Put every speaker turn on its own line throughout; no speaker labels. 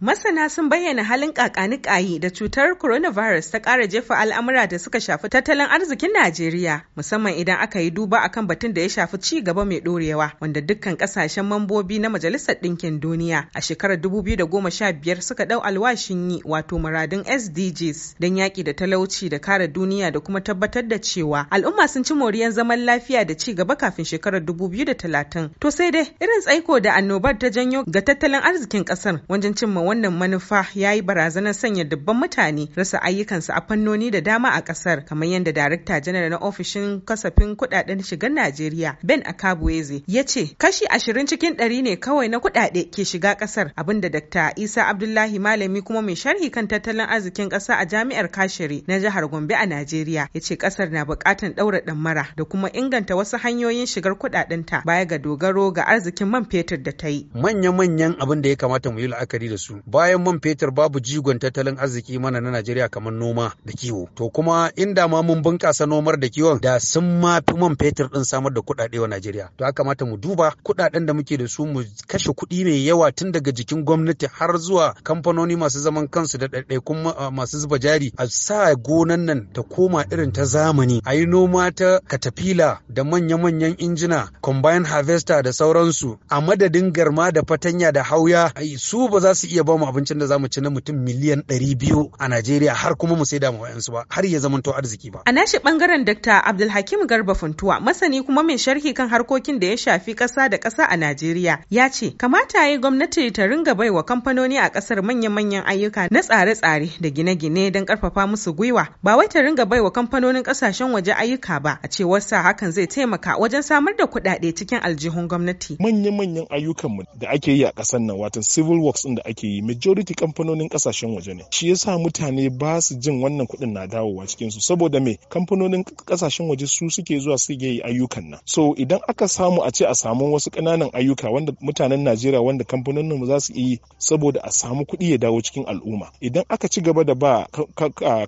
Masana sun bayyana halin kakanikayi da cutar coronavirus ta kara jefa al'amura da suka shafi tattalin arzikin Najeriya musamman idan aka yi duba akan batun da ya shafi ci gaba mai dorewa wanda dukkan ƙasashen mambobi na Majalisar Ɗinkin Duniya a shekarar 2015 suka ɗau alwashin yi wato muradun SDGs don yaƙi da talauci da kare duniya da kuma tabbatar da cewa al'umma sun ci moriyar zaman lafiya da ci gaba kafin shekarar 2030. To sai dai irin tsaiko da annobar ta janyo ga tattalin arzikin ƙasar wajen cimma wannan manufa ya yi barazanar sanya dubban mutane rasa ayyukansu a fannoni da dama a kasar kamar yadda darakta janar na ofishin kasafin kudaden shigar Najeriya Ben Akabueze ya ce kashi ashirin cikin ɗari ne kawai na kudade ke shiga kasar abinda Dr. Isa Abdullahi malami kuma mai sharhi kan tattalin arzikin kasa a jami'ar Kashiri na jihar Gombe a Najeriya ya ce kasar na bukatan ɗaura ɗamara da kuma inganta wasu hanyoyin shigar kudadenta baya ga dogaro ga arzikin man fetur da ta yi.
Manya-manyan abin da ya kamata mu yi la'akari da su bayan man fetur babu jigon tattalin arziki mana na Najeriya kamar noma da kiwo to kuma inda ma mun bunkasa nomar da kiwon da sun ma fi man fetur din samar da kuɗaɗe wa Najeriya to ya kamata mu duba kuɗaɗen da muke da su mu kashe kuɗi mai yawa tun daga jikin gwamnati har zuwa kamfanoni masu zaman kansu da ɗaiɗaikun masu zuba jari a sa gonan nan ta koma irin ta zamani Ayi noma ta katafila da manya-manyan injina combine harvester da sauransu a madadin garma da fatanya da hauya su ba za su iya ba mu abincin da za mu ci na mutum miliyan ɗari biyu a Najeriya har kuma mu saida mu wayansu ba har ya zamanto arziki
ba. A nashi ɓangaren Dr. Abdulhakim Garba Funtuwa masani kuma mai sharhi kan harkokin da ya shafi ƙasa da ƙasa a Najeriya ya ce kamata ya yi gwamnati ta ringa baiwa kamfanoni a ƙasar manya-manyan ayyuka na tsare-tsare da gine-gine don ƙarfafa musu gwiwa ba wai ta ringa baiwa kamfanonin ƙasashen waje ayyuka ba a cewar sa hakan zai taimaka wajen samar da kuɗaɗe cikin
aljihun gwamnati. Manya-manyan ayyukan da ake yi a ƙasar nan watan civil works ɗin da ake yi yi majority kamfanonin kasashen waje ne shi yasa mutane ba su jin wannan kuɗin na dawowa cikin su saboda me kamfanonin kasashen waje su suke zuwa su yi ayyukan nan so idan aka samu a ce a samu wasu ƙananan ayyuka wanda mutanen Najeriya wanda kamfanonin mu za su yi saboda a samu kuɗi ya dawo cikin al'umma idan aka ci gaba da ba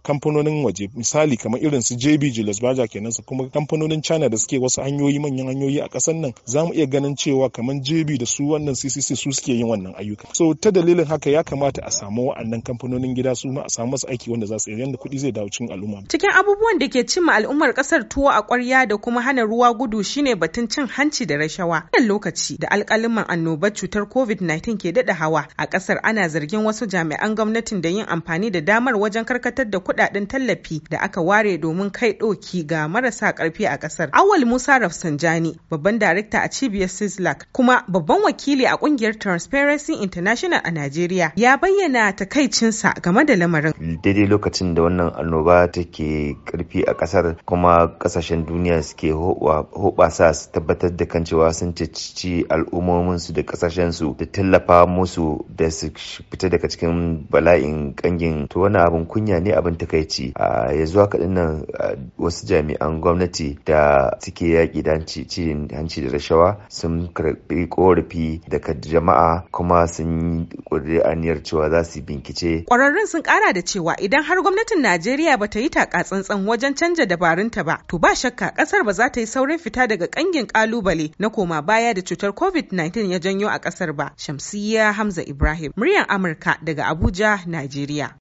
kamfanonin waje misali kamar irin su JB Jules Baja kenan su kuma kamfanonin China da suke wasu hanyoyi manyan hanyoyi a ƙasar nan za mu iya ganin cewa kamar JB da su wannan CCC su suke yin wannan ayyuka so ta dalilin haka haka ya kamata a samu wa'annan kamfanonin gida su ma a samu masu aiki wanda za su yanda kuɗi zai dawo cikin al'umma
cikin abubuwan da ke cimma al'ummar ƙasar tuwo a ƙwarya da kuma hana ruwa gudu shine batun cin hanci da rashawa wannan lokaci da alƙaliman annobar cutar covid-19 ke daɗa hawa a ƙasar ana zargin wasu jami'an gwamnatin da yin amfani da damar wajen karkatar da kuɗaɗen tallafi da aka ware domin kai ɗoki ga marasa ƙarfi a ƙasar awal musa rafsanjani babban darakta a cibiyar sislak kuma babban wakili a ƙungiyar transparency international a najeriya Najeriya ya bayyana takaicinsa game da lamarin.
Daidai lokacin da wannan annoba take karfi a kasar kuma kasashen duniya suke hoɓasa su tabbatar da kan cewa sun cici al'ummominsu da kasashensu da tallafa musu da su fita daga cikin bala'in kangin to wani abin kunya ne abin takaici a yanzu haka nan wasu jami'an gwamnati da suke yaƙi da hanci da rashawa sun karɓi korafi daga jama'a kuma sun yi yi aniyar cewa za su bincike.
Ƙwararrun sun ƙara da cewa idan har gwamnatin Najeriya ba ta yi takatsantsan wajen canja dabarunta ba, to ba shakka ƙasar ba za ta yi saurin fita daga ƙangin ƙalubale na koma baya da cutar COVID-19 ya janyo a ƙasar ba. Shamsiyya Hamza Ibrahim, muryar Amurka daga Abuja, Najeriya.